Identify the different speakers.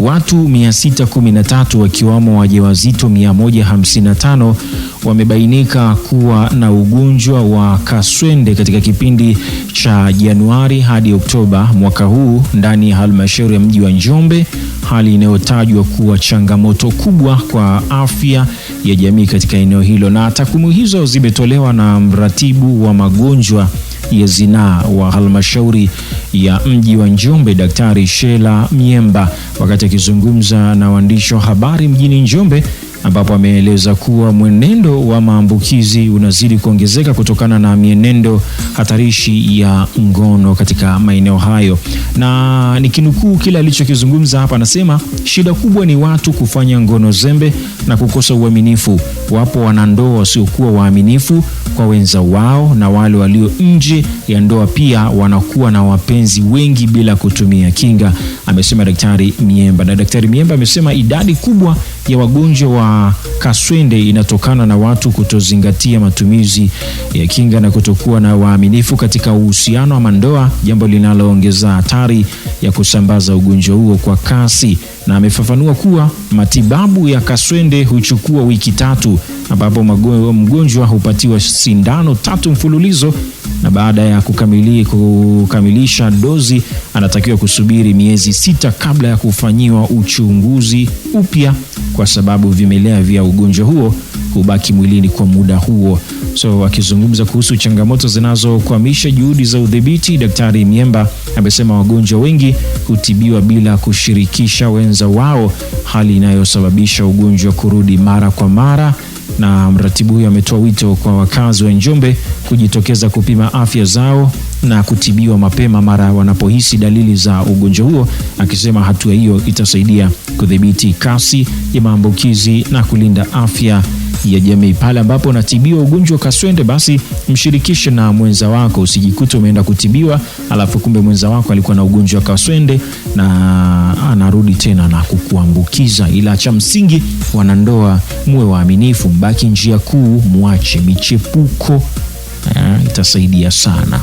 Speaker 1: Watu 613 wakiwamo wajawazito 155 wamebainika kuwa na ugonjwa wa kaswende katika kipindi cha Januari hadi Oktoba mwaka huu ndani ya halmashauri ya mji wa Njombe, hali inayotajwa kuwa changamoto kubwa kwa afya ya jamii katika eneo hilo. Na takwimu hizo zimetolewa na mratibu wa magonjwa ya zinaa wa halmashauri ya mji wa Njombe, Daktari Shela Myemba, wakati akizungumza na waandishi wa habari mjini Njombe ambapo ameeleza kuwa mwenendo wa maambukizi unazidi kuongezeka kutokana na mienendo hatarishi ya ngono katika maeneo hayo, na nikinukuu kile alichokizungumza hapa, anasema shida kubwa ni watu kufanya ngono zembe na kukosa uaminifu. Wapo wanandoa wasiokuwa waaminifu kwa wenza wao, na wale walio nje ya ndoa pia wanakuwa na wapenzi wengi bila kutumia kinga, amesema Daktari Miemba. Na Daktari Miemba amesema idadi kubwa ya wagonjwa wa kaswende inatokana na watu kutozingatia matumizi ya kinga na kutokuwa na waaminifu katika uhusiano ama ndoa, jambo linaloongeza hatari ya kusambaza ugonjwa huo kwa kasi. Na amefafanua kuwa matibabu ya kaswende huchukua wiki tatu, ambapo mgonjwa hupatiwa sindano tatu mfululizo na baada ya kukamili, kukamilisha dozi anatakiwa kusubiri miezi sita kabla ya kufanyiwa uchunguzi upya kwa sababu vimelea vya ugonjwa huo hubaki mwilini kwa muda huo. So akizungumza kuhusu changamoto zinazokwamisha juhudi za udhibiti, Daktari Myemba amesema wagonjwa wengi hutibiwa bila kushirikisha wenza wao, hali inayosababisha ugonjwa kurudi mara kwa mara na mratibu huyo ametoa wito kwa wakazi wa Njombe kujitokeza kupima afya zao na kutibiwa mapema mara wanapohisi dalili za ugonjwa huo, akisema hatua hiyo itasaidia kudhibiti kasi ya maambukizi na kulinda afya ya jamii. Pale ambapo unatibiwa ugonjwa kaswende, basi mshirikishe na mwenza wako, usijikute umeenda kutibiwa alafu kumbe mwenza wako alikuwa na ugonjwa kaswende na anarudi tena na kukuambukiza. Ila cha msingi, wanandoa, muwe waaminifu, mbaki njia kuu, muache michepuko, eh, itasaidia sana.